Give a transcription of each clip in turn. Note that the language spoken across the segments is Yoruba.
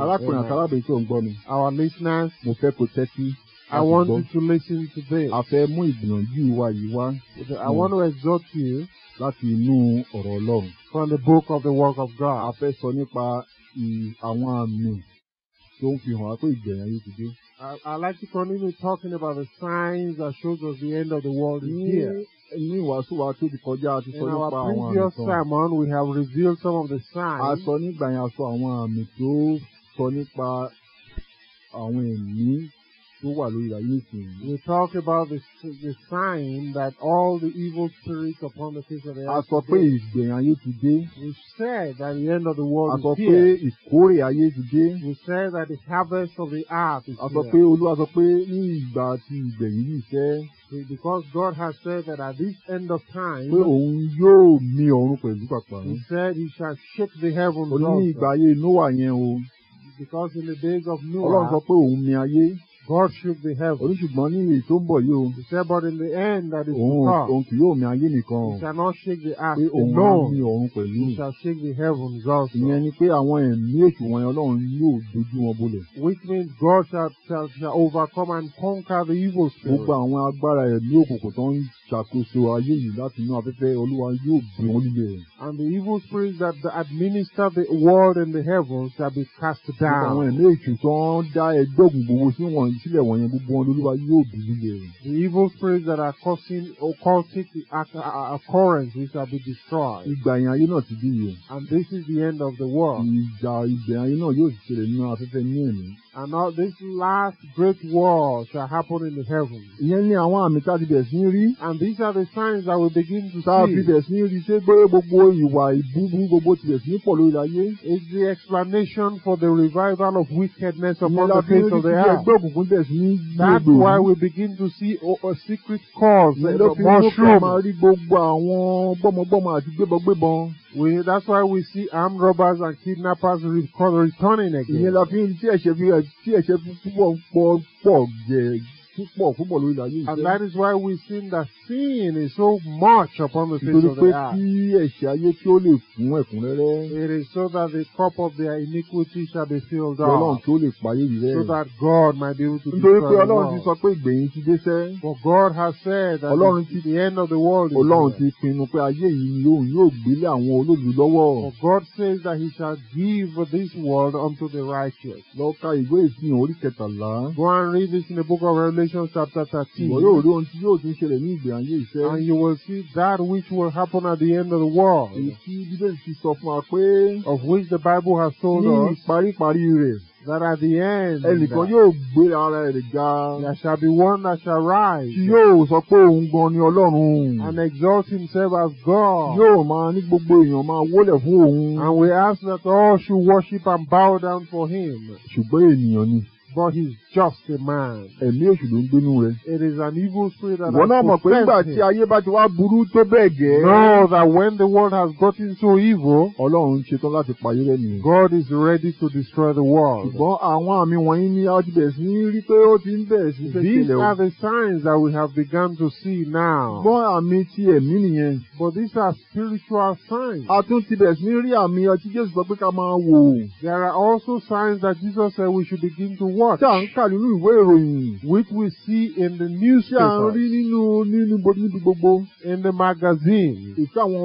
arákùnrin àti tí ò ń gbọ́ mi. our listeners. mo fẹ́ kó tẹ́tí. I want you to listen to this. a mú ìgbìyànjú wa yìí wá. I want to exhort you. láti inú ọ̀rọ̀ Ọlọ́run. from the book of the work of God. a fẹ́ sọ nípa àwọn àmì tó ń fi hàn wá ìgbẹ̀yìn ayé ti dé. I like to continue talking about the signs that shows us the end of the world is here ní ìwàásù wa tóbi kọjá a ti sọ nípa àwọn àmì kan. In our previous sermon we have revealed some of the signs. a sọ nígbà yẹn a sọ àwọn àmì tó sọ nípa àwọn ẹ̀mí We talk about the, the sign that all the evil spirits upon the face of the earth. A sọ We said that the end of the world is here. A ayé ti We said that the harvest of the earth is here. A ní ìgbà ti Because God has said that at this end of time. Pé òun yóò mi ọ̀run pẹ̀lú pàpà. He said he shall shake the heaven. Oní ìgbà ayé Noah yẹn o. Because in the days of Noah. Ọlọ́run God should be helped. Oríṣùgbọ́n nínú èyí tó ń bọ̀ yìí He said but in the end that is to come. Òun kì yóò mi ayé nìkan He shall not shake the earth alone. Pé òun á mi ọ̀run pẹ̀lú. He shall shake the heavens also. Ìyẹn ni pé àwọn ẹ̀mí èṣù wọn Ọlọ́run yóò dojú wọn bolẹ̀. Which means God shall shall shall overcome and conquer the evil spirit. Gbogbo àwọn agbára ẹ̀mí òkùnkùn tó ń ṣàkóso ayé yìí láti inú afẹ́fẹ́ Olúwa yóò bí wọn lílẹ̀. And the evil spirits that administer the world and the heavens shall be cast down. àwọn ẹ̀mí èṣù tó ń dá ẹgbẹ́ ògùn gbogbo sí wọn ìṣílẹ̀ wọ̀nyẹn gbogbo wọn lórí wa yóò dúró yẹ rẹ̀. the evil spirits that are causing occultic uh, uh, occurrences shall be destroyed. ìgbà yẹn ayé náà ti dé yìí. and this is the end of the world. ìgbà ìgbẹ̀yìn ayé náà yóò ṣẹlẹ̀ nínú afẹ́fẹ́ ní ẹ̀mí. And now this last great war shall happen in the heaven. Ìyẹn ni àwọn àmì tá a ti bẹ̀rẹ̀ sí rí. And these are the signs that we begin to see. Tá a fi bẹ̀rẹ̀ sí rí ṣé gbé gbogbo ìwà ìbúburú gbogbo ti bẹ̀rẹ̀ sí pọ̀ lórí ayé. It's the explanation for the revival of wickedness upon the face of the earth bẹ̀rẹ̀ that's why we begin to see a, a secret cause. Eh, ló fi mú kí we that's why we see armed robbers and kidnappers returning again. ìyẹn la fi ń tí ẹ̀ṣẹ̀ fi tí ẹ̀ṣẹ̀ púpọ̀ ń pọ̀ pọ̀ jẹ́ púpọ̀ púpọ̀ lórí ayé yìí. and that is why we see that sin is so much upon the face of the earth. nítorí pé kí ẹ̀ṣẹ̀ ayé kí ó lè kún ẹ̀kúnrẹ́rẹ́. it is so that the cup of their iniquity shall be filled up. ọlọ́run kí ó lè pa ayé yìí rẹ́. so that God might be able to destroy the world. nítorí pé ọlọ́run ti sọ pé ìgbẹ̀yìn ti dé sẹ́. for God has said that ọlọ́run ti the end of the world ọlọ́run ti pinnu pé ayé yìí yóò yóò gbélé àwọn olóòlù lọ́wọ́. for God says that he shall give this world unto the righteous. lọ ka ìwé ìfihàn orí kẹtàlá. go and read this in the book of Revelation. Revelation chapter 13. Ìwọ yóò rí ohun tí yóò tún ṣẹlẹ̀ ní ìgbà ayé ìfẹ́. And you will see that which will happen at the end of the world. Èyí tí Bíbélì ti sọ fún wa pé. Of which the Bible has told us. Ní ìparíparí rẹ̀. That at the end. Ẹnìkan yóò gbé ara rẹ̀ ga. There shall be one that shall rise. Tí yóò sọ pé òun gan ni Ọlọ́run. And exalt himself as God. Yóò máa ní gbogbo èèyàn máa wólẹ̀ fún òun. And we ask that all should worship and bow down for him. Ṣùgbọ́n ènìyàn ni. But he's just a man. Ẹ̀mí èṣù ló ń gbénu rẹ̀. It is an evil spirit that I possessed him. náà mọ̀ pé nígbà tí ayé bá ti wá burú tó bẹ́ẹ̀ gẹ́. Know that when the world has gotten so evil. Ọlọ́run ń ṣetán láti payé rẹ̀ nìyẹn. God is ready to destroy the world. Ṣùgbọ́n àwọn àmì wọ̀nyí ni a ti bẹ̀rẹ̀ sí ní rí pé ó ti ń bẹ̀rẹ̀ sí fẹ́ These are the signs that we have begun to see now. Gbọ́n àmì ti ẹ̀mí nìyẹn. But these are spiritual signs. A tún ti bẹ̀rẹ̀ sí ní rí àmì ọtí Jésù sọ pé ká máa wò. There are also signs that Jesus said we should begin to watch wà tí à ń kà nínú ìwé ìròyìn. which we see in the newspaper. tí à ń rí nínú nínú níbi gbogbo. in the magazine. ètò àwọn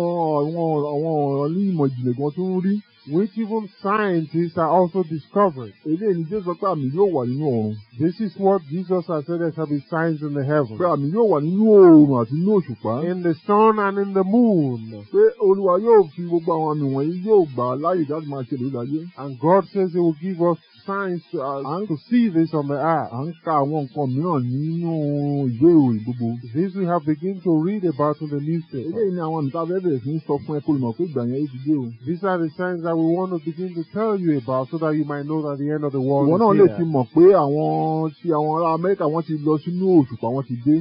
àwọn àwọn ọ̀rọ̀ ní ìmọ̀ ìjìnlẹ̀ gan tó ń rí which even scientists are also discovering. Eléyìí ni Jésù sọ pé àmì yóò wà nínú ọ̀run. This is what Jesus has said there shall be signs in the heavens. Pé àmì yóò wà nínú oòrùn àti nínú òṣùpá. In the sun and in the moon. Pé Olúwa yóò fi gbogbo àwọn àmì wọ̀nyí yóò gbà láyè láti máa ṣe lórí ayé. And God says he will give us signs to us uh, to see this on the earth. À ń ka àwọn nǹkan mìíràn nínú ìwé ìròyìn gbogbo. This we have begin to read about in the newspaper. Eléyìí ni àwọn àmì tá bẹ̀rẹ̀ sí ń sọ fún ẹ kó lè mọ̀ pé ìgbà yẹn ti dé o. These are the signs that that we want to begin to tell you about so that you might know that the end of the world is here. Ìwọ náà lè ti mọ̀ pé àwọn ti àwọn Amẹ́ríkà wọ́n ti lọ sínú òṣùpá wọ́n ti dé.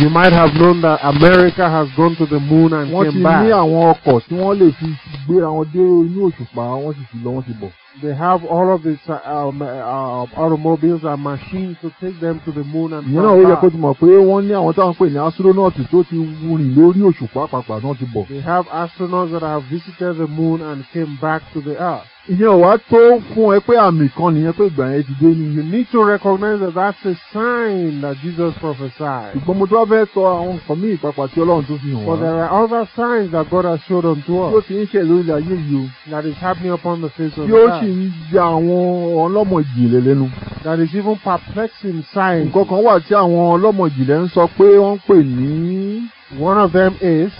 You might have known that America has gone to the moon and came back. Wọ́n ti ní àwọn ọkọ̀ tí wọ́n lè fi gbéra wọn dé inú òṣùpá wọ́n sì ti lọ wọ́n ti bọ̀ they have all of these uh, um, uh, automobiles and machines to take them to the moon and. ìyẹn náà ó yẹ kó ti mọ̀ pé wọ́n ní àwọn táwọn pè ní astronaut tó ti rìn lórí òṣùpá pàápàá náà ti bọ̀. they have astronauts that have visited the moon and came back to the earth ìyẹn ò wá tó fún ẹ pé àmì kan nìyẹn pé ìgbà yẹn ti dé ni. you need to recognize that that's a sign that Jesus prophesied. ṣùgbọ́n mo tó wá fẹ́ sọ àwọn nǹkan míì pàpà tí Ọlọ́run tó fi hàn wá. but there are other signs that God has showed unto us. yóò ti ń ṣe lórí ayé yìí o. that is happening upon the face of the earth. yóò sì ń ya àwọn ọlọ́mọ ìjìnlẹ̀ lẹ́nu. that is even perplexing signs. nǹkan kan wà tí àwọn ọlọ́mọ ìjìnlẹ̀ ń sọ pé wọ́n ń pè ní. one of them is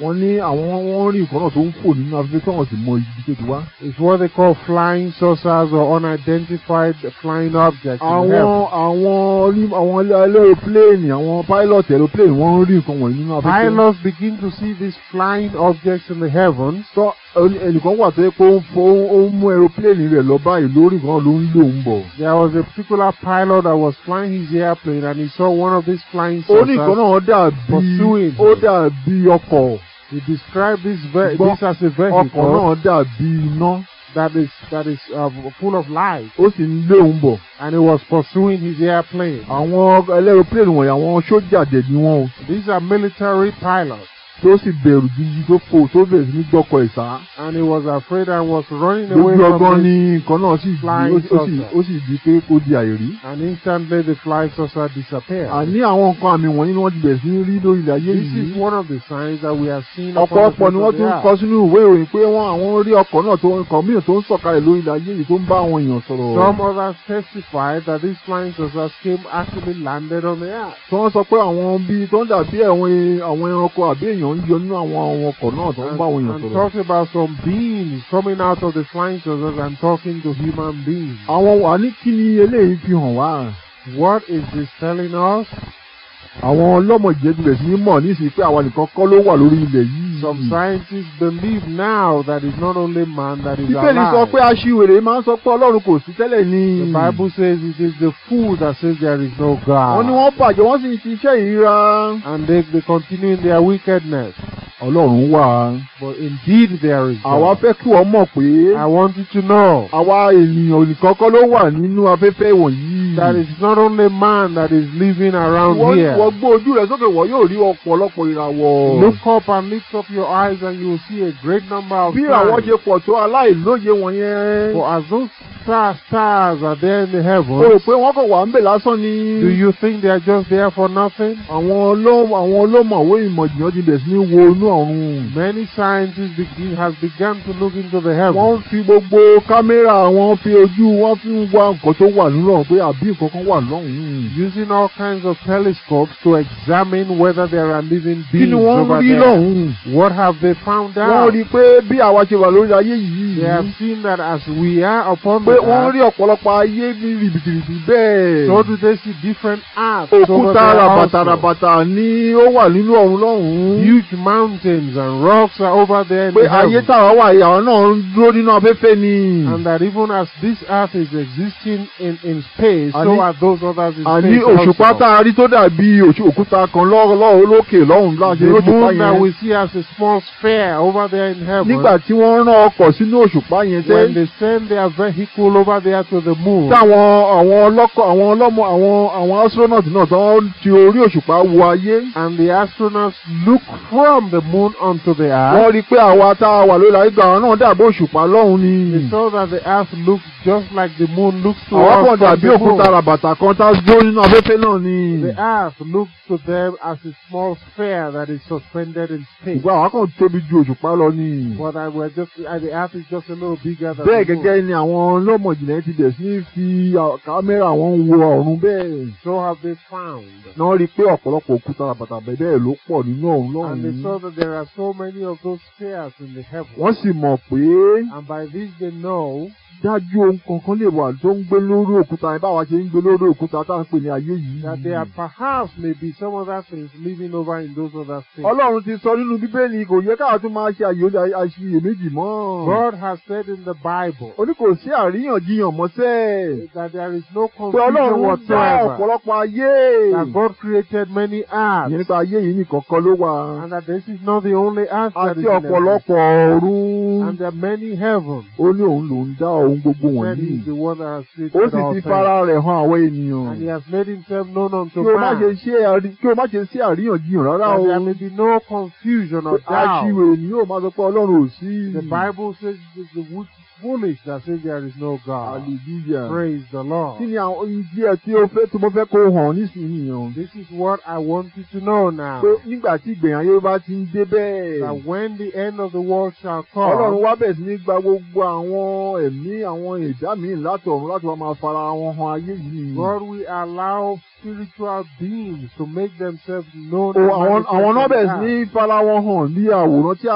wọ́n ní àwọn wọ́n rí nǹkan náà tó ń fò nínú afẹ́fẹ́ tí wọ́n sì mọ ibi tó ti wá. it's what they call flying saucers or unidentified flying objects. àwọn àwọn àwọn aeroplane àwọn pilot aeroplane wọ́n rí nǹkan wọ̀nyí nínú afẹ́fẹ́. pilots begin to see these flying objects in the heavens. so ẹnìkan wà tó yẹ pé ó ń mú aeroplane rẹ̀ lọ báyìí lórí nǹkan ló ń lò ń bọ̀. there was a particular pilot that was flying his airplane and he saw one of these flying saucers. ó ní nǹkan náà dàbí ó dàbí ọkọ̀. He described this, ver this as a vehicle. ọkàn náà dàbí iná. That is that is uh, full of light. Ó sì ń lé òun bọ̀. And he was pursuing his airplane. Àwọn ẹlẹ́rọ plane wọ̀nyí àwọn sójà dẹ̀ ni wọ́n o. These are military pilots tí ó sì bẹ̀rù gidi tó fò tó bẹ̀rẹ̀ sí gbọ́kọ̀ ìsá. and he was afraid and was running away from the flying saucer. lójú ọgbọ́n ni nǹkan náà sì di ó sì di pé kó di àìrí. and instantly the flying saucer disappeared. àní àwọn nǹkan àmì wọ̀nyí ni wọ́n ti bẹ̀rẹ̀ sí rí lórí ilẹ̀ yìí. this is one of the signs that we have seen upon ni wọ́n tún kọ sínú ìwé ìròyìn pé wọ́n àwọn rí ọkọ̀ náà tó nǹkan mìíràn tó ń sọ̀kalẹ̀ lórí ilẹ̀ yìí some others testify that these flying saucers came actually landed on the earth. tí wọ́n sọ pé àwọn bíi tó ń dàbí àwọn ẹranko àbí èèyàn èèyàn àwọn àwọn ọkọ̀ náà tó ń bá àwọn èèyàn sọ̀rọ̀. I'm talking about some beings coming out of the flying saucers and talking to human beings. àwọn wà ní kí ni eléyìí fi hàn wá. What is this telling us? àwọn ọlọ́mọ̀jẹ bẹ̀rẹ̀ sí ní mọ̀ nísìnyí pé àwọn nìkan kọ́ ló wà lórí ilẹ̀ yìí. some scientists believe now that it's not only man that is alive. bíbélì sọ pé aṣiwèrè máa ń sọ pé ọlọ́run kò sí tẹ́lẹ̀ ni. the bible says it is the fool that says there is no God. wọ́n ní wọ́n bàjẹ́ wọ́n sì ń ṣiṣẹ́ ìríra. and they they continue in their wickedness. Ọlọ́run wà. But indeed there is God. Àwa fẹ́ kí wọ́n mọ̀ pé. I want you to know. Àwa ènìyàn nìkan ló wà nínú afẹ́fẹ́ wọ̀nyí. That is not only man that is living around wọ́n, here. Wọ́n gbọ́ ojú rẹ̀ sókè wọ́n yóò rí ọ̀pọ̀lọpọ̀ ìràwọ̀. Look up and lift up your eyes and you will see a great number of Bí àwọn ṣe pọ̀ tó aláìlóye wọ̀nyẹn. For as those stars are there in the heaven. o rò pé kàn wà ń bẹ lásán ni. do you think they are just there for nothing? àwọn ọlọ́mọ àwọn ọlọ́mọwé ìmọ̀jìyàn ti bẹ̀rẹ̀ sí ní wo inú ọ̀run. many scientists begin has begun to look into the heavens. wọ́n fi gbogbo kámẹ́rà wọn fi ojú wọn fi ń wá nǹkan tó wà nínú pé àbí nǹkan kan wà lọ́hùn using all kinds of telescopes to examine whether there are living beings over there. kí ni wọ́n rí lọ́hùn what have they found out? wọ́n rí i pé bí àwa ṣe wà lórí ayé yìí. they have seen that as we are upon the pé wọ́n rí ọ̀pọ̀lọpọ̀ ayé ní rìbìtìrìbì bẹ́ẹ̀. so do they see different apps. òkúta rabata ni ó wà nínú ọ̀run lọ́hùn-ún. huge mountains and rocks are over there pé ayé tàwa wà yìí náà ń dúró nínú afẹ́fẹ́ ni. and that even as this earth is existing in in space so are those others in space also. àní òṣùpá tá a rí tó dàbí òkúta kan lọ́wọ́ lókè lọ́hùn-ún láti lóṣùpá yẹn. the moon that we see as a small sphere over there in heaven. nígbà tí wọ́n rán ọkọ̀ sínú òṣùpá yẹn tẹ́. when they send their vehicle people over there to the moon. táwọn àwọn ọlọ́kọ̀ àwọn ọlọ́mọ àwọn àwọn astronauts náà tó ń ti orí òṣùpá wo ayé. and the astronauts look from the moon onto the earth. wọ́n rí i pé àwa tá a wà lórí àyíká àwọn náà dàbí òṣùpá lọ́hùn ni. they saw that the earth looked just like the moon looks to us from the moon. àwọn kan dàbí òkúta ràbàtà kan tá a gbó nínú afẹ́fẹ́ náà ni. the earth looked to them as a small sphere that is suspended in space. ìgbà àwọn kan tóbi ju òṣùpá lọ ni. but I was just the earth is just a little bigger than the moon. bẹ́ẹ̀ gẹ́gẹ́ ni àwọn ọmọ ìjìnlẹ̀ ti bẹ̀ sí fi kámẹ́rà wọn wo ọ̀run bẹ́ẹ̀. so have they found. náà rí i pé ọ̀pọ̀lọpọ̀ òkúta àbàtà bẹ́ẹ̀ ló pọ̀ nínú ọ̀run lọ́hùn-ún. and they saw that there are so many of those spheres in the heaven. wọ́n sì mọ̀ pé. and by this they know dájú ohun kankan lè wà tó ń gbé lórí òkúta ẹ báwa ṣe ń gbé lórí òkúta tá à ń pè ní ayé yìí. that there perhaps may be some other things living over in those other things. Ọlọ́run ti sọ nínú Bíbélì kò yẹ káà tún máa ṣe àṣìyèméjì mọ́. God has said in the Bible. ó ní kò sí àríyànjiyàn mọ́sẹ̀. that there is no confusion whatsoever. pé Ọlọ́run dá ọ̀pọ̀lọpọ̀ ayé. that God created many earths. ìyẹn nípa ayé yìí nìkan kan ló wà. and that this is not the only earth that is in heaven. àti ọ̀pọ̀lọpọ̀ ọ̀run. and there are many heavens. ó ní òun lòún dá ọ ohun gbogbo wọ̀nyí. ó sì ti fara rẹ̀ hàn àwọn ènìyàn. and he has made himself known unto man. kí o má ṣe ṣe kí o má ṣe sí àríyànjiyàn rárá o. and there be no confusion or doubt. ni yóò máa sọ pé Ọlọ́run ò sí. the Bible says the, the, the foolish that say there is no God. Hallelujah. Praise the Lord. Kí ni àwọn oyin díẹ̀ o fẹ́ tí mo fẹ́ kó hàn nísìnyí o? This is what I want you to know now. Pé nígbà tí ìgbẹ̀yìn ayé bá ti ń dé bẹ́ẹ̀. That when the end of the world shall come. Ọlọ́run wá bẹ̀ sí ní gba gbogbo àwọn ẹ̀mí àwọn ẹ̀dá míì látọ̀run láti wá máa fara wọn hàn ayé yìí. God will allow spiritual beings to make themselves known. O àwọn àwọn náà bẹ̀ sí ní fara wọn hàn ní àwòrán tí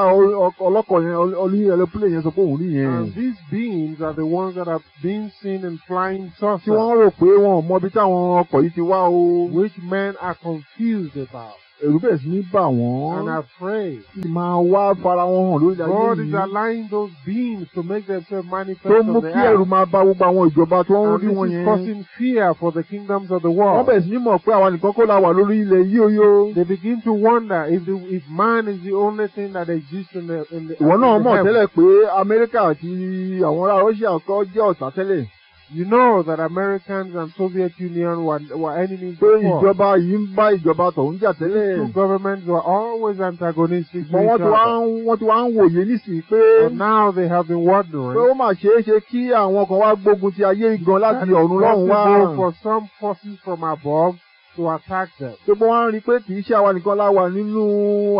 ọlọ́kọ̀ yẹn olú ẹlẹ́pìlẹ̀ yẹn sọ pé òun yẹn. And these beings are the ones that are being seen in flying saucers. Tí wọ́n rò pé wọn ò mọ ibi táwọn ọkọ̀ yìí Which men are confused about. ẹ̀rù bẹ̀rẹ̀ sí ní bà wọ́n. and afraid. sì máa wá fara wọn hàn lórí ayé yìí. God is allowing those beings to make themselves manifest on the earth. tó mú kí ẹ̀rù máa bà gbogbo àwọn ìjọba tó ń rí wọn yẹn. and this is causing fear for the kingdoms of the world. wọ́n bẹ̀rẹ̀ sí ní mọ̀ pé àwa nìkan kọ́ la wà lórí ilẹ̀ yìí oyo. they begin to wonder if the if man is the only thing that exists in the in the. ìwọ náà mọ̀ tẹ́lẹ̀ pé Amẹ́ríkà àti àwọn ará Russia kọ́ jẹ́ ọ̀tá tẹ́lẹ̀. You know that Americans and Soviet Union were, were enemies before. pé ìjọba yìí ń bá ìjọba tọ̀hún jà tẹ́lẹ̀. Two governments were always antagonistic to each other. wọ́n ti wá ń wòye nísìnyí pé. But now they have been wondering. pé ó mà ṣeé ṣe kí àwọn kan wá gbógun ti ayé igan láti ọ̀run lọ́hùn-ún wá. That is possible for some forces from above to attack them. gbogbo wọn rí i pé kì í ṣe àwa nìkan la wà nínú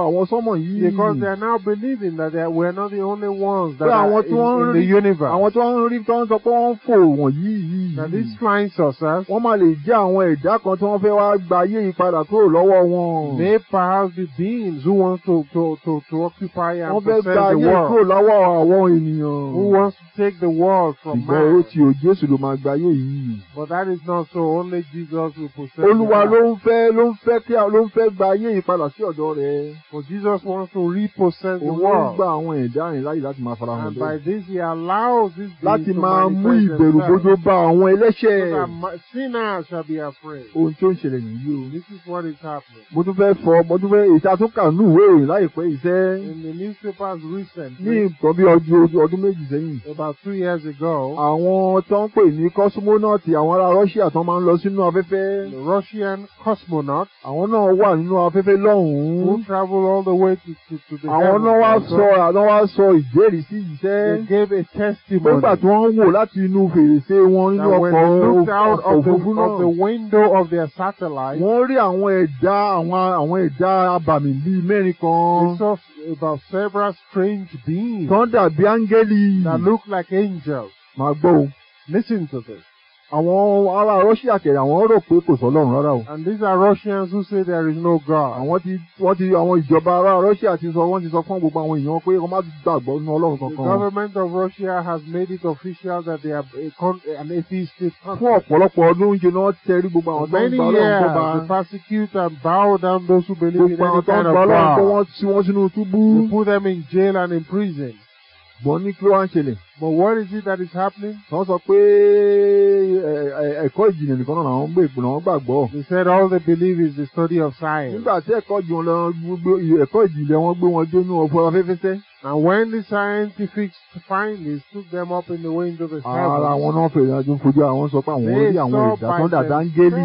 àwọn sọ́mọ̀ yìí. because they are now believing that they are, we are not the only ones that are in, in the universe. àwọn tí wọ́n ń rí tí wọ́n sọ pé wọ́n ń fò wọ̀nyí yìí. that these flying saucers. wọ́n máa lè jẹ́ àwọn ẹ̀dá kan tí wọ́n fẹ́ wá gba ayé yìí padà kúrò lọ́wọ́ wọn. they perhaps be beings who want to to to to occupy and possess the world. wọ́n fẹ́ gba ayé kúrò lọ́wọ́ àwọn ènìyàn. who wants to take the world from man. ìgbà ó ti ò Jésù ló máa gba ayé yìí. but that is not so only Jesus will possess. olúwa ló ń fẹ́ ló ń fẹ́ kí ló ń fẹ́ gba ayé ìpadà sí ọ̀dọ̀ rẹ̀. For Jesus wants to repossess the world. Òun gba àwọn ẹ̀dá rìn láyè láti máa farahàn lórí. And by this he allows this day láti máa mú ìbẹ̀rù bójó bá àwọn ẹlẹ́ṣẹ̀. So sinners shall be afraid. Ohun tí ó ń ṣẹlẹ̀ nìyí o. This is what is happening. Mo tún fẹ́ fọ mo tún fẹ́ ìta tó kà ní ìwé ìròyìn láìpẹ́ iṣẹ́. In the newspapers recently. Ní nǹkan bí ọdún méjì sẹ́yìn. About two years ago. Àwọn tó ń pè ní kọ́símọ́nọ́ọ̀tì àwọn ará Russia tó máa ń lọ sínú afẹ́fẹ́. The Russia Russian cosmonauts. Àwọn náà wà nínú afẹ́fẹ́ lọ́hùn-ún. Who travel all the way to to, to the heaven. Àwọn náà wá sọ àwọn wá sọ ìjẹ́rìísí yìí sẹ́. They gave a testimony. Nígbà tí wọ́n ń wò láti inú fèrèsé wọn nínú ọkọ̀ òfurufú náà. Of the window of their satellite. Wọ́n rí àwọn ẹ̀dá àwọn àwọn ẹ̀dá abàmì bíi mẹ́rin kan. They saw about several strange beings. Tán dàbí áńgẹ́lì. That look like angels. Màá gbọ́ o. Listen to this. Àwọn ará Russia kẹ̀rẹ̀ àwọn rò pé kò sọ́lọ́run rárá o. And these are Russians who say there is no God. Àwọn ti wọ́n ti àwọn ìjọba ará Russia ti sọ wọ́n ti sọ fún gbogbo àwọn èèyàn pé wọ́n má gbàgbọ́ nínú Ọlọ́run kankan. The government of Russia has made it official that they are a con an atheist state country. Fún ọ̀pọ̀lọpọ̀ ọdún oúnjẹ náà tẹrí gbogbo àwọn tó ń gba Ọlọ́run kó bá. Many years they persecute and bow down those who believe in any kind of God. Gbogbo àwọn tó ń gba Ọlọ́run kó wọ́n sínú túbú. They put them in jail and in prison mo ní kí ló ń ṣẹlẹ̀ but what is it that is happening. wọ́n sọ pé ẹ̀kọ́ ìjìnlẹ̀ nìkan náà àwọn gbègbè náà gbàgbọ́. he said all they believe is the study of science. nígbà tí ẹ̀kọ́ ìjìnlẹ̀ wọn gbé wọn jónú ọ̀fọ̀ afẹ́fẹ́sẹ́. And when the scientific findings took them up in the wind of the ah, sky. Ara wọn náà fèrè àjò fojú àwọn sọ pé àwọn rí àwọn ẹ̀dá tó ń dàda áńgẹ́lì.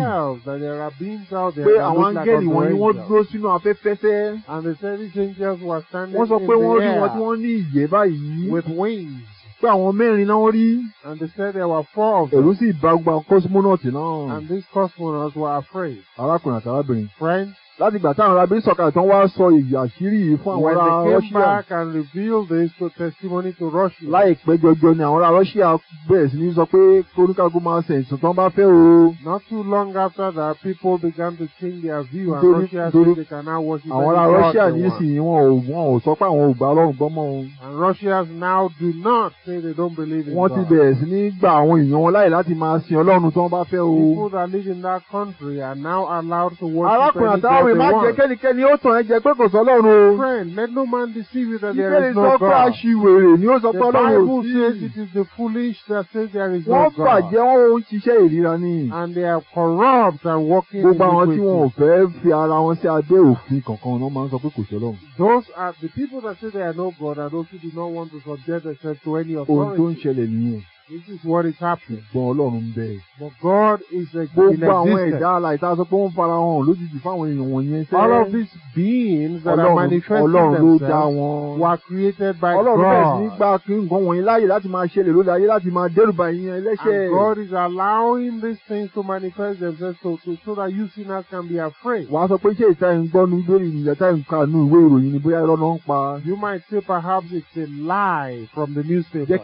Pé And the service angels were standing in the air. Wọ́n With wings. Pé àwọn mẹ́rin náà rí. And they said there were four of them. Èrú sì bá gba cosmonaut náà. And these cosmonauts were afraid. Arákùnrin àti arábìnrin. Friends láti ìgbà táwọn ará bírísọ̀ tán wá sọ èyí àṣírí yìí fún àwọn ará Russia. when they came back and revealed this to testimony to Russia. láìpẹ́ jọjọ ni àwọn ará Russia bẹ̀rẹ̀ sí ní sọ pé kóníkàgó máa ṣe ìsìn tán bá fẹ́ o. not too long after that people began to change their view and Russia said they can now worship any God àwọn ará Russia nísìnyí wọn ò wọn ò sọ pé àwọn ò gbà Ọlọ́run gbọ́ mọ́ o. and Russians now do not say they don't believe in God. wọ́n ti bẹ̀rẹ̀ sí ní gba àwọn èèyàn wọn láì láti máa sin Ọlọ́run tán bá fẹ́ o. people that live in that country are now allowed to worship any God. Olórí má jẹ́ kẹ́nikẹ́ni ó tàn ẹ́ jẹ pé kò sọ Ọlọ́run o. Friend, let no man deceive you that there is no God. Ìbéèrè sọ pé ni ó sọ pé Ọlọ́run ò sí. The Bible says it is the foolish that say there is no God. Wọ́n bàjẹ́ wọn ò ṣiṣẹ́ ìríra ni. And they are corrupt and working in iniquity. Gbogbo àwọn tí wọn ò fẹ́ fi ara wọn sí abẹ́ òfin kankan náà máa ń sọ pé kò sọ Ọlọ́run. Those are the people that say they are no God and those who do not want to subject themselves to any authority. Ohun tó ń ṣẹlẹ̀ nìyẹn. This is what is happening. Ṣùgbọ́n Ọlọ́run ń bẹ. But God is in existence. Gbogbo àwọn ẹ̀dá àlàyé sọ pé ó ń fara hàn lójijì fáwọn èèyàn wọ̀nyẹn. All of these beings that are manifesting themselves were created by God. Ọlọ́run bẹ̀rẹ̀ sí kí nǹkan wọ̀nyí láàyè láti máa ṣẹlẹ̀ lórí ayé láti máa dẹ́rùbà èèyàn ẹlẹ́ṣẹ̀. And God is allowing these things to manifest themselves so, to, so that you sinners can be afraid. Wàá sọ pé ṣé ìta ẹ̀ ń gbọ́nu lórí ìyàtá ẹ̀ ń kanu ìwé ìròyìn ni bóyá irọ́ náà ń pa. You might say perhaps it's a lie from the newspaper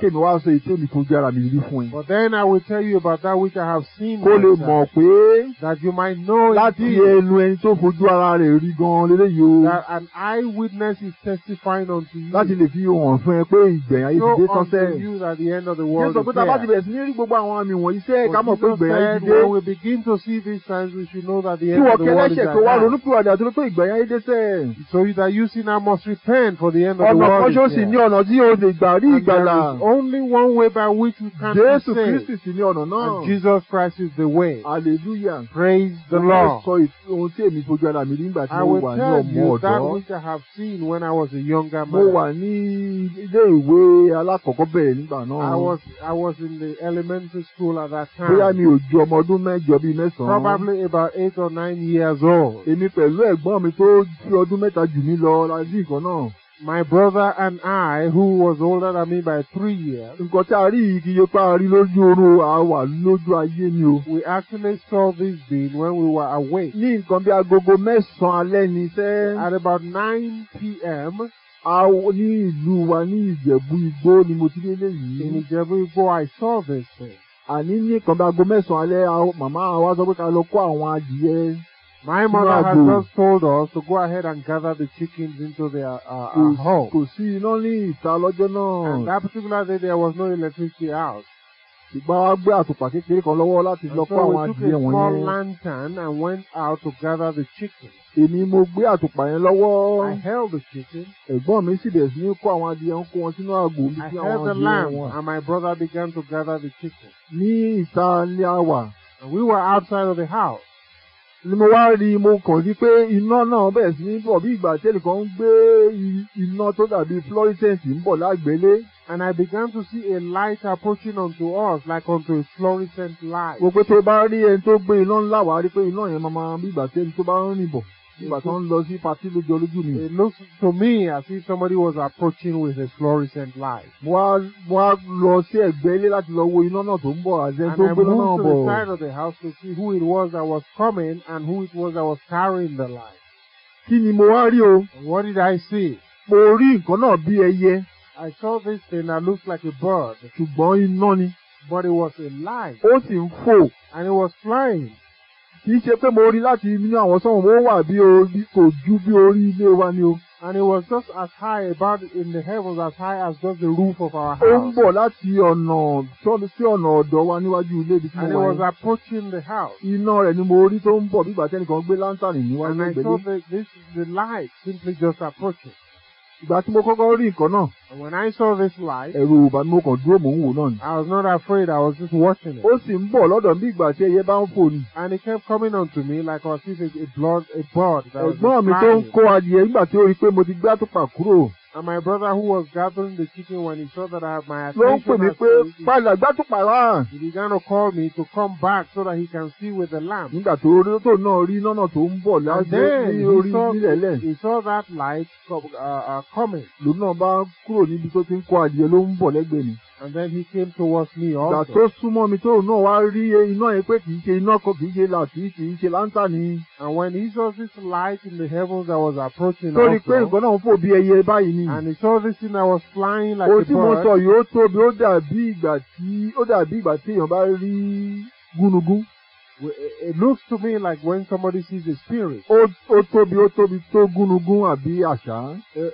lè rí fún ẹ. But then I will tell you about that which I have seen. Kó lè mọ̀ pé. That you might know. Láti ẹnu ẹni tó fojú ara rẹ̀ rí gan-an lélẹ́yìí o. That an eye witness is testifying unto you. Láti lè fi hàn fún ẹ pé ìgbẹ̀yìn ayé ti dé sọ́sẹ́. Show unto you that the end of the world is there. Yẹ́n sọ pé tá a bá ti bẹ̀rẹ̀ sí ní rí gbogbo àwọn àmì wọ̀nyí sẹ́ẹ̀ ká mọ̀ pé ìgbẹ̀yìn ayé ti dé. When we begin to see these signs we should know that the end of the world is there. Tí wọ́n kẹ́lẹ́ṣẹ̀ tó wá ronúpìwàdà tó ló pé ìgbẹ̀yìn ayé dé sẹ́ẹ̀. So that you sin now must repent for the end of the world is there. Ọ̀nà kan ṣó sì ní ọ̀nà tí only one way by which you can is the sì and Jesus Christ is the way. hallelujah. praise the Lord. I will tell you that which I have seen when I was a younger man. I was I was in the elementary school at that time. probably about eight or nine years old. èmi pẹ̀lú ẹ̀gbọ́n mi tó ju ọdún mẹ́ta jù mí lọ la náà my brother and I who was older than me by three years. nǹkan tí a rí yìí kì í ṣe pé a rí lójú oorun a lójú ayé ni o. we actually saw this being when we were away. ní nǹkan bí agogo mẹ́sàn-án alẹ́ ni sẹ́. at about nine pm. A ní ìlú wa ní Ìjẹ̀bú Igbó ni mo ti délé yìí. In Ìjẹ̀bú Igbó, I saw this thing. Àní ní nǹkan bí aago mẹ́sàn-án alẹ́ màmá wa sọ pé ká lọ kó àwọn adìyẹ My mother has just told us to go ahead and gather the chickens into their uh, uh, home. only sí iná ní And that particular day there was no electricity out. so we took a small lantern and went out to gather the chickens. I held the chicken. I held the lamb and my brother began to gather the chicken. And we were outside of the house. ni mo wá rí mo kàn rí pé iná náà bẹ̀rẹ̀ sí ní bọ̀ bí ìgbà tí ẹnìkan ń gbé iná tó dàbí fluorescent ń bọ̀ lágbélé. And I began to see a light approaching unto us like unto a fluorescent light. Gbogbo tó bá rí ẹni tó gbé iná ńlá wá rí pé iná yẹn máa máa bí ìgbà tí tó bá ń rìn bọ̀ ìgbà tó ń lọ sí patí lójú olójú mi. it looks to me as if somebody was approaching with a fluorescent light. mo á lọ sí ẹ̀gbẹ́ ilé láti lọ wo iná náà tó ń bọ̀ àti ẹni tó ń gbé náà bọ̀. and I moved to the side of the house to see who it was that was coming and who it was that was carrying the light. kí ni mo wá rí o. what did I see? mo rí nǹkan náà bí ẹyẹ. I saw this thing that looked like a bird. ṣùgbọ́n iná ni. but it was a light. ó sì ń fò. and it was flying kì ṣe pé mo rí láti inú àwọn sọ́wọ́n mo wà bí orí kò ju bí orí ilé wa ni o. And it was just as high about in the head was as high as just the roof of our house. Ó ń bọ̀ láti ọ̀nà sí ọ̀nà ọ̀dọ̀ wa níwájú ilé ibi tí mo wà. And it was approaching the house. Iná rẹ̀ ni mo rí tó ń bọ̀ bí ìgbà tí gbé láńtàní níwájú ìgbẹ́lé. And I saw the, this, the light simply just approaching ìgbà tí mo kọ́kọ́ rí nǹkan náà. when I saw this light. ẹ̀rù òbá mi mo kàn dúró mò ń wò náà ni. I was not afraid I was just watching it. ó sì ń bọ̀ lọ́dọ̀ mi ìgbà tí ẹyẹ bá ń fò ni. and it kept coming on to me like I was seeing a blood a blood. ẹ̀gbọ́n mi tó ń kó adìyẹ nígbà tí ó rí pé mo ti gbá tó pà kúrò. And my brother who was gathering the chicken when he saw that I had my attention. Ló ń pè He began to call me to come back so that he can see with the lamp. Nígbà tó rí tó náà rí nọ́nà tó ń bọ̀ lájọ́ ní nílẹ̀lẹ̀. He saw that light uh, uh, coming. Lòun bá kúrò níbi tó ti ń kó adìyẹ ló ń bọ̀ lẹ́gbẹ̀ẹ́ mi. And then he came towards me also. Ìgbà tó súnmọ́ mi tóun náà wá rí iná yẹn pé kì í ṣe iná kan kì í ṣe làtí kì í ṣe láńtà ni. And when he saw this light in the heavens that was approaching also. Torí pé nǹkan náà ń fò bí ẹyẹ báyìí ni. And he saw this thing that was flying like a bird. Ohun mo sọ yìí ó tóbi ó dàbí ìgbà tí ó dàbí ìgbà tí èèyàn bá rí gúnugún. It looks to me like when somebody sees a spirit. Ó ó tóbi ó tóbi tó gúnugún àbí àṣá.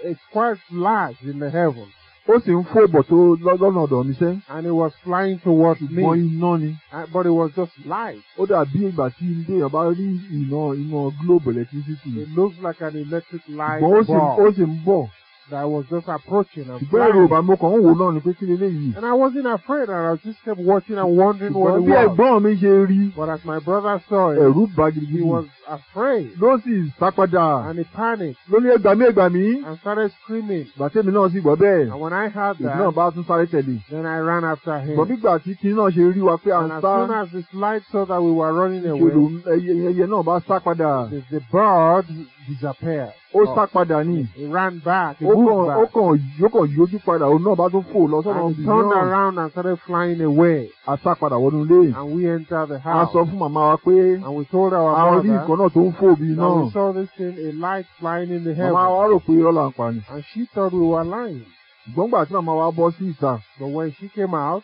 It's quite large in the heavens ó sì ń fò bọ̀ lọ́nà ọ̀dọ̀ mi sẹ́. and he was flying towards me. ṣùgbọ́n iná ni. but it was just light. ó dàbí ìgbà tí ilé yẹn bá rí iná iná globe electricity. it looks like an electric light bulb. ṣùgbọ́n ó sì ń bọ̀ that I was just approaching and ṣùgbọ́n ẹ̀rù ọba mo kàn ń wò náà ni pé kí lè léyìí. and I wasn't afraid and I just kept watching and wondering what it was. ṣùgbọ́n bí ẹ̀gbọ́n mi ṣe rí. but as my brother saw it. ẹ̀rù bà gidigidi. he was afraid. ló sì sápadà. and he panicked. ló ní ẹgbà mí ẹgbà mí. and started screaming. gbàtẹ́mi náà sì gbọ́ bẹ́ẹ̀. and when I heard that. èmi náà bá tún sáré tẹ̀lé. then I ran after him. bọ̀ nígbà tí kinní náà ṣe rí wa pé à ń sá. and as soon as the light saw that we were running away. ìṣèlú ẹyẹ náà bá sá the bird disappeared ó sá padà ní. he ran back he moved back. ó kàn ó kàn yójú padà òun náà bá tún fò lọ sọ́nà òun. he turned around and started flying away. a sá padà wọnú ilé. and we entered the house. a sọ fún màmá wa pé. and we told our mother. a rí nǹkan náà tó ń fò bí náà. and we saw this thing a light flying in the heaven. màmá wa rò pé ọlà ń pa ni. and she thought we were lying. gbọ́ngbà tí màmá wa bọ́ sí ìta. but when she came out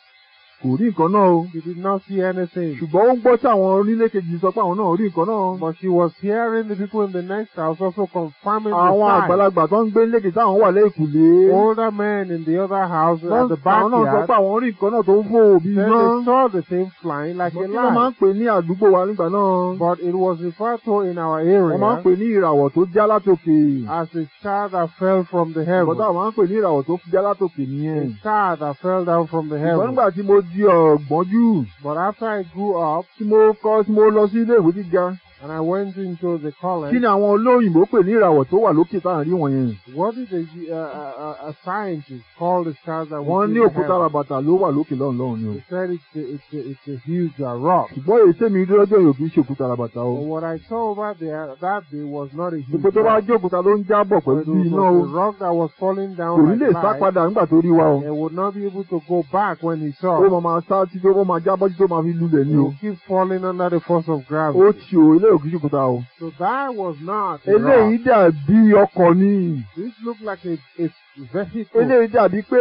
kò rí nǹkan náà o. she did not see anything. ṣùgbọ́n ó ń gbọ́ tí àwọn onílé sọ pé àwọn náà rí nǹkan náà. but she was hearing the people in the next house also confirming the fact. àwọn àgbàlagbà tó ń gbé nílé kejì táwọn wà lẹ́kùlé. older men in the other house at the backyard. àwọn náà sọ pé àwọn rí nǹkan náà tó ń fò bí iná. they saw the same flying like a light. wọ́n máa ń pè ní àdúgbò wa nígbà náà. but it was referred to in our area. wọ́n máa ń pè ní ìràwọ̀ tó já látòkè. as a star that fell from the heaven. bọ́tà wọ́n máa ń pè ní ìràwọ̀ tó já látòkè nìyẹn. a star that fell down from the heaven. ìgbà nígbà tí mo di ọ̀gbọ́n jù. But after I grew up, tí mo kọ́ tí mo lọ sí ilé ìwé gíga, And I went into the college. Kí ni àwọn olóyìnbó pè ní ìràwọ̀ tó wà lókè tá à ń rí wọ̀nyẹn? What did a, a, a, a scientist call the stars that we see? Wọ́n ní òkúta àràbàtà ló wà lókè lọ́run lọ́run ni o. He said it's a, it's a, it's a huge rock. Ṣùgbọ́n èyí tèmi lọ́jọ́ yóò kì í ṣe òkúta àràbàtà o. what I saw over there that day was not a huge rock. Ìpètè bá jẹ́ òkúta ló ń jábọ̀ pẹ̀lú iná o. The rock that was falling down like light. Kò ní lè sá padà nígbà tó rí wa o. He would not be able to go back when he saw. Ó máa sá títí ó máa jábọ́ títí ó máa fi lulẹ̀ ni o. He keep falling under the force of gravity. Ó ti o eléyìí kì í ṣòkúta o. so that was not. eléyìí dàbí ọkọ̀ ni. this look like a a vehicle. eléyìí dàbí pé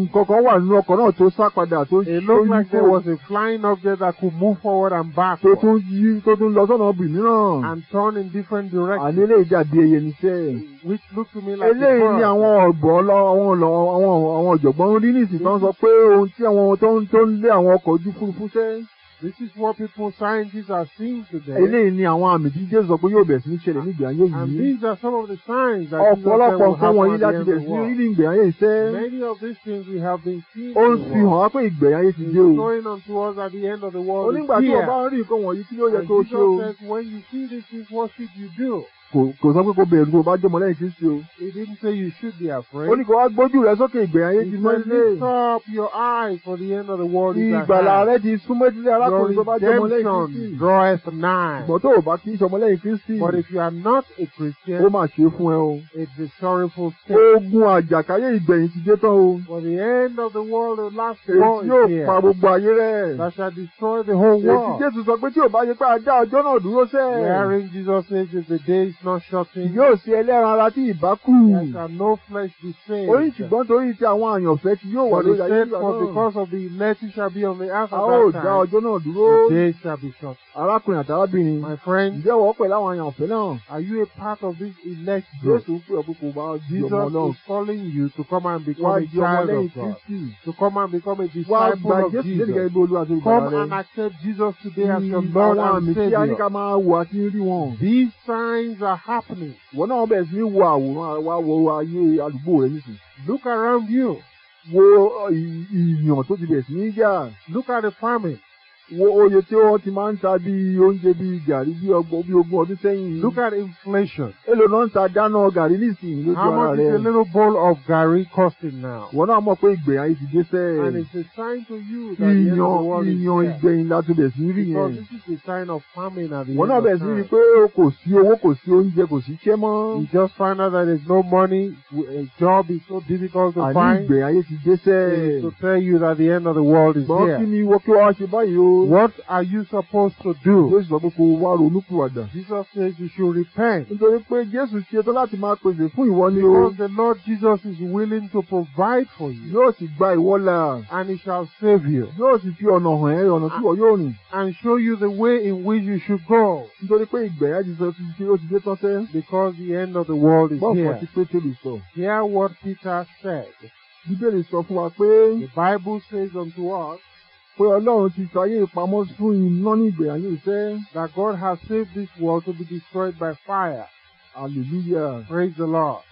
nǹkan kan wà nínú ọkọ̀ náà tó sá padà tó it looked like there was a flying object that could move forward and back. tó tún yí tó tún lọ sọ́nà ọ̀bì mìíràn. and turn in different directions. àní eléyìí dàbí eye ní sẹ́. which looked to me like a bird. eléyìí ni àwọn ọ̀gbọ́n lọ àwọn lọ àwọn àwọn ọ̀jọ̀gbọ́n rí nìsín sọ pé ohun tí àwọn tó ń lé àwọn ọkọ̀ ojú òfurufú sẹ́. This is what people scientists are seeing today. Eléyìí ni àwọn àmì tí Jésù sọ pé yóò bẹ̀rẹ̀ sí ní ṣẹlẹ̀ ní ìgbéyàwó yìí. And these are some of the signs that Jesus said will happen at the end of the world. Ọ̀pọ̀lọpọ̀ nǹkan wọ̀nyí láti bẹ̀rẹ̀ sí ní ìgbéyàwó yìí sẹ́. Many of these things we have been seeing. Ó ń fi hàn wá pé ìgbéyàwó yìí ti dé o. It's going on to us at the end of the world. Onígbà tí o bá rí nǹkan wọ̀nyí kí ló yẹ kó o ṣe o. And Jesus says when you see this. things what should you do? kò kò sọ pé kò bẹ̀rù kò bá jọmọ lẹ́yìn kristi o. he didn't say you should be afraid. ó ní kó wá gbójú rẹ sókè ìgbẹ̀yìn ayé ti mọ́ ilé. he said lift your eyes for the end of the world is at hand. ìgbàlà rẹ ti súnmọ́ arákùnrin tó bá jọmọ lẹ́yìn kristi. your redemption draweth nigh. ṣùgbọ́n tó o bá kí sọmọ lẹ́yìn kristi. but if you are not a Christian. ó mà ṣe fún ẹ o. it's a sorrowful state. ogun àjàkáyé ìgbẹ̀yìn ti dé tán o. for the end of the world the last war is here. èyí yóò pa gbogbo ayé rẹ. that shall destroy the whole world. èsì Jesus is the day No shortened. Yóò ṣe ẹlẹ́ran ara tí ìbá kù. There can no flesh the same. Oyin ṣùgbọ́n torí ti àwọn àyànfẹ́ tí yóò wà lórí ayé ìgbà náà. For the because of the mercy shall be on the earth at that time. A ó dá ọjọ́ náà dúró. The day shall be short. Arákùnrin àtàrábìnrin. My friend. Ǹjẹ́ wọ́n pẹ̀lú àwọn àyànfẹ́ náà? Are you a part of this elect group? Jésù pè ọ́ pé kò bá di ọmọ náà. Jesus is calling you to come and become a child of God. To come and become a disciple of Jesus. Come and accept Jesus today as your Lord and Savior. These signs are are happening. Wọ́n náà bẹ̀rẹ̀ sí ní wo àwòrán wa wo ayé àdúgbò rẹ̀ nísìn. Look around you. Wo uh, ìyàn tó ti bẹ̀rẹ̀ sí ní yà. Look at the farming wo oye tí wọ́n ti máa ń ta bí oúnjẹ bí gàrí bí ọgbọ̀n bí ogún ọdún sẹ́yìn. look at inflation. èlò náà ń ta dáná gàrí nísìnyí lójú ara rẹ. how much is a little bowl of gari costing now. wọ́n náà mọ̀ pé ìgbẹ̀yìn ayé ti dé sẹ́ẹ̀. and it's a sign to you that the end of the world is here. ìyàn ìgbẹ̀yìn láti bẹ̀ sí rí yẹn. because this is a sign of famine at the end of time. wọ́n náà bẹ̀ sí rí pé kò sí owó kò sí oúnjẹ kò sí iṣẹ́ mọ́. you just find out that there is no money a job is so difficult to find. àní ìgbẹ̀yìn ti dé sẹ́ẹ̀. to tell you that the end of the world is here. bọ́n kí ni wọ́n kí wọ́n ṣe What are you supposed to do? Jésù sọ pé kó o wá ronúpìwàdà. Jesus says you should repent. Nítorí pé Jésù ṣe tán láti máa pèsè fún ìwọ ni o. Because the Lord Jesus is willing to provide for you. Yóò sì gba ìwọ là. And he shall save you. Yóò sì fi ọ̀nà hàn ẹ́ ọ̀nà tí ìwọ yóò rìn. And show you the way in which you should go. Nítorí pé ìgbẹ̀yà Jésù ti ṣe ó tán sẹ́. Because the end of the world is here. Bọ́ọ̀fọ̀ ti Pétérù sọ. Hear what Peter said. Bíbélì sọ fún wa pé. The Bible says unto us pé ọlọ́run ti sọ ayé ìpamọ́ fún iná nígbè ayé ìfẹ́ that God has saved this world to be destroyed by fire hallelujah praise the Lord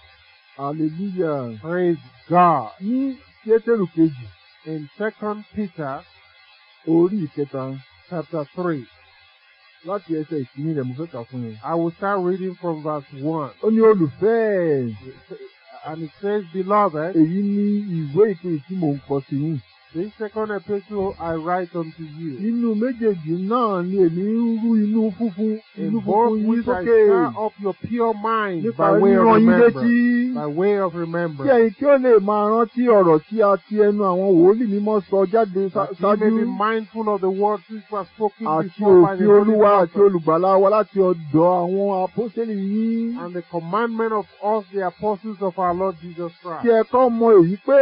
hallelujah praise God. ní pétérù kejì in second Peter orí ìkẹta chapter three láti ẹsẹ̀ ìkíní rẹ̀ mo fẹ́ kà fún yín. I will start reading from verse one. ó ní olùfẹ́ and it says beloved. èyí ni ìwé ìpè tí mò ń kọ sí yín. In Second Epistle, I write unto you. Nínú méjèèjì náà ni èmi ń rú inú funfun inú funfun yín sókè. In both which I stir up your pure mind by way of remembrance. By way of remembrance. Kí ẹ̀yin kí ó lè máa rántí ọ̀rọ̀ tí a ti ẹnu àwọn wòlíì mímọ́ sọ jáde ṣáájú. That you may be mindful of the words which were spoken before by the Holy Spirit. Àti òfin Olúwa àti olùgbàlà wa láti ọ̀dọ̀ àwọn apọ́sẹ̀lì yín. And the commandment of us the apostles of our Lord Jesus Christ. Kí ẹ kọ́ mọ èyí pé.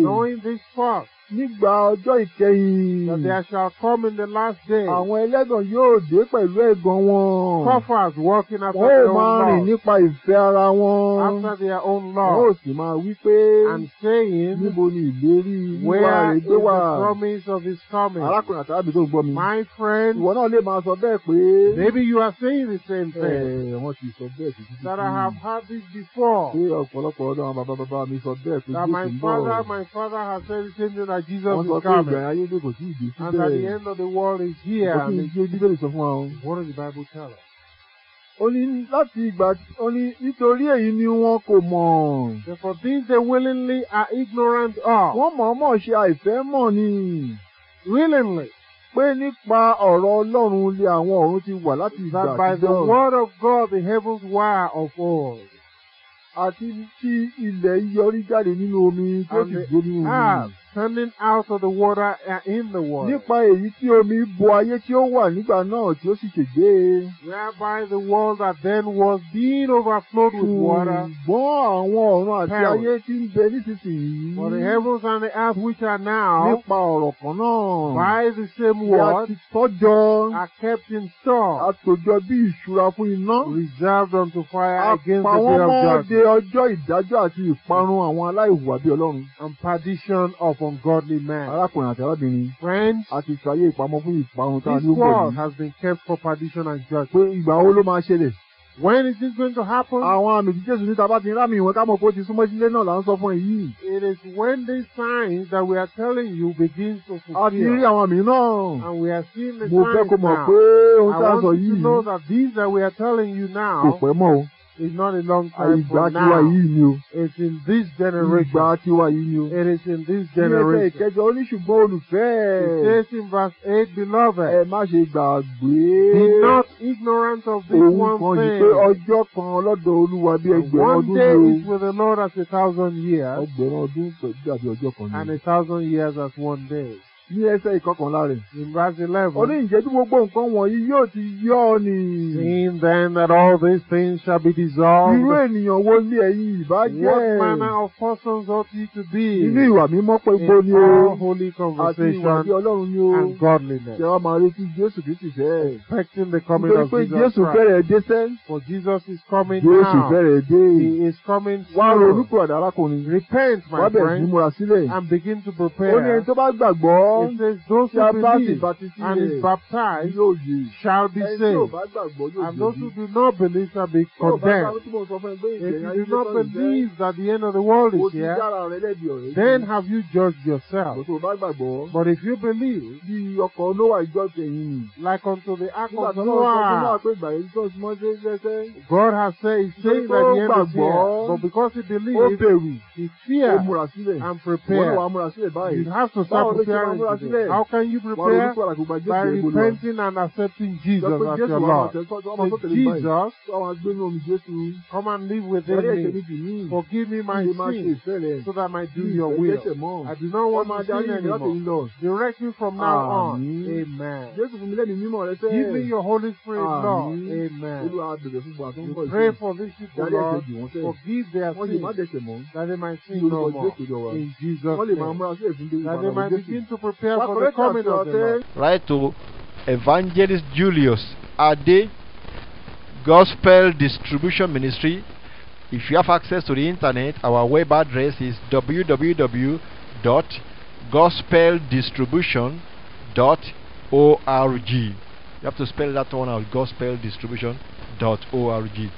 Knowing this fact nígbà ọjọ́ ìkẹyìn. that there shall come in the last day. àwọn ẹlẹ́gàn yóò dé pẹ̀lú ẹ̀gàn wọn. sufferers walking after their own law. wọ́n máa rìn nípa ìfẹ́ ara wọn. after their own law. wọ́n ò sì máa wí pé. and saying. níbo ni ìlérí wíwá rẹ̀ gbé wà. where is the promise of his coming. arákùnrin àtàlábì tó gbọ́ mi. my friend. ìwọ náà lè máa sọ bẹ́ẹ̀ pé. maybe you are saying the same thing. ẹ wọ́n ti sọ bẹ́ẹ̀ sí títí. that I have heard this before. pé ọ̀pọ̀lọpọ̀ ọ̀dọ́ àwọn bàbá bàbá mi sọ bẹ́ẹ̀ pé. that my father my father has said the same thing Jesus is coming. And at the end of the world is here. And what does the Bible tell us? ó ní láti ìgbà ó ní nítorí èyí ni wọn kò mọ̀. therefore things they willingly are ignorant of. wọ́n mọ̀ọ́mọ̀ ṣe àìfẹ́ mọ̀ ni. willingly. pé nípa ọ̀rọ̀ Ọlọ́run lé àwọn ọ̀run ti wà láti ìgbà àtijọ́. that by the word of God the heavens were of old. àti tí ilẹ̀ yọrí jáde nínú omi tó sì gbóni omi. and the earth standing out of the water and in the water. Nípa èyí tí omi bo ayé tí ó wà nígbà náà tí ó sì ṣègbé. Whereby the world that then was being overflowed with water. Ṣùgbọ́n àwọn ọ̀run àti ayé tí ń bẹ nísinsìnyí. For the heavens and the earth which are now. Nípa ọ̀rọ̀ kan náà. By the same word. Bí a ti tọ́jọ. Are kept in store. A tòjọ bí ìṣúra fún iná. Reserved unto fire against the day of judgment. Àpàwọn ọmọ ọdẹ ọjọ́ ìdájọ́ àti ìparun àwọn aláìhùwà bí Ọlọ́run. And perdition of ungodly men. arákùnrin àti arábìnrin. friends. a ti ṣàyè ìpamọ́ fún ìparun tá a ní ó bọ̀ this world has been kept for perdition and judgment. pé ìgbà wo ló máa ṣẹlẹ̀. When is this going to happen? Àwọn àmì tí Jésù níta bá ti rámì ìwọ̀n ká mọ̀ pé ó ti súnmọ́ sílé náà là ń sọ fún èyí. It is when these signs that we are telling you begin to fulfill. A ti rí àwọn àmì náà. And we are seeing the signs now. Mo fẹ́ kó mọ̀ pé ohun tí a sọ yìí. I want you to know that these that we are telling you now. Kò pẹ́ mọ́ o. It's not a long time for now. yìí ni o. It's in this generation. Ìgbà tiwa yìí ni o. It is in this generation. Ilé ẹsẹ̀ ìkẹjọ ó ní ṣùgbọ́n olùfẹ́. It says in verse eight beloved. Ẹ má ṣe gbàgbé. Be not ignorant of this Òun one thing. Òun kan yìí pé ọjọ́ kan lọ́dọ̀ Olúwa bí ẹgbẹ̀rún ọdún ni One day is with the Lord as a thousand years. Ẹgbẹ̀rún ọdún pẹ̀lú àbí ọjọ́ kan ni. And a thousand years as one day ní ẹsẹ̀ ìkọkànlá rẹ̀. in verse eleven. ó ní ìjẹ́jú gbogbo nǹkan wọ̀nyí yóò ti yọ ni. seeing then that all these things shall be dissolved. irú ènìyàn wo ni ẹ̀yin ìbá jẹ́. what manner of persons ought ye to be. inú ìwà mímọ́ pẹ́gbó ni o. in all holy conversation. àti ìwà bí Ọlọ́run ni o. and godliness. ṣé wàá máa retí Jésù Kristi fẹ́. expecting the coming of Jesus Christ. nítorí pé Jésù fẹ́rẹ̀ dé sẹ́. for Jesus is coming now. Jésù fẹ́rẹ̀ dé. he is coming soon. wá ronú pọ̀ dára kò ní. repent my friend. wá bẹ̀rẹ̀ sí múra and begin to prepare. It says, those who believe and is eh, baptized shall be saved. And those who do not believe shall be condemned. If you do not believe that the end of the world is here, then have you judged yourself. But if you believe, like unto the ark of Noah, God has said, He saved at the end of the But because he believes, he fears and prepares. You have to start preparing how can you prepare by repenting and accepting Jesus as your Lord? Say, Jesus, come and live within me. Forgive me my sins so that I might do your will. I do not want to sin anymore. Direct me from now on. Amen. Give me your Holy Spirit, Lord. Amen. We pray for these people, Lord. Forgive their sins that they might sin no more. In Jesus' name. That they might begin to prepare prepare for the coming of the Write to Evangelist Julius Ade, Gospel Distribution Ministry. If you have access to the internet, our web address is www.gospeldistribution.org. You have to spell that one out gospeldistribution.org.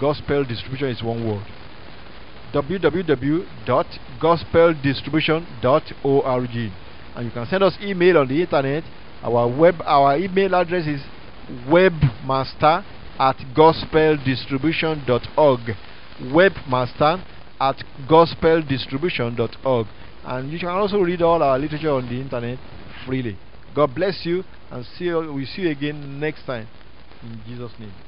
Gospel distribution is one word www.gospeldistribution.org and you can send us email on the internet our web our email address is webmaster at gospeldistribution.org webmaster at gospeldistribution.org and you can also read all our literature on the internet freely god bless you and see you, we we'll see you again next time in jesus name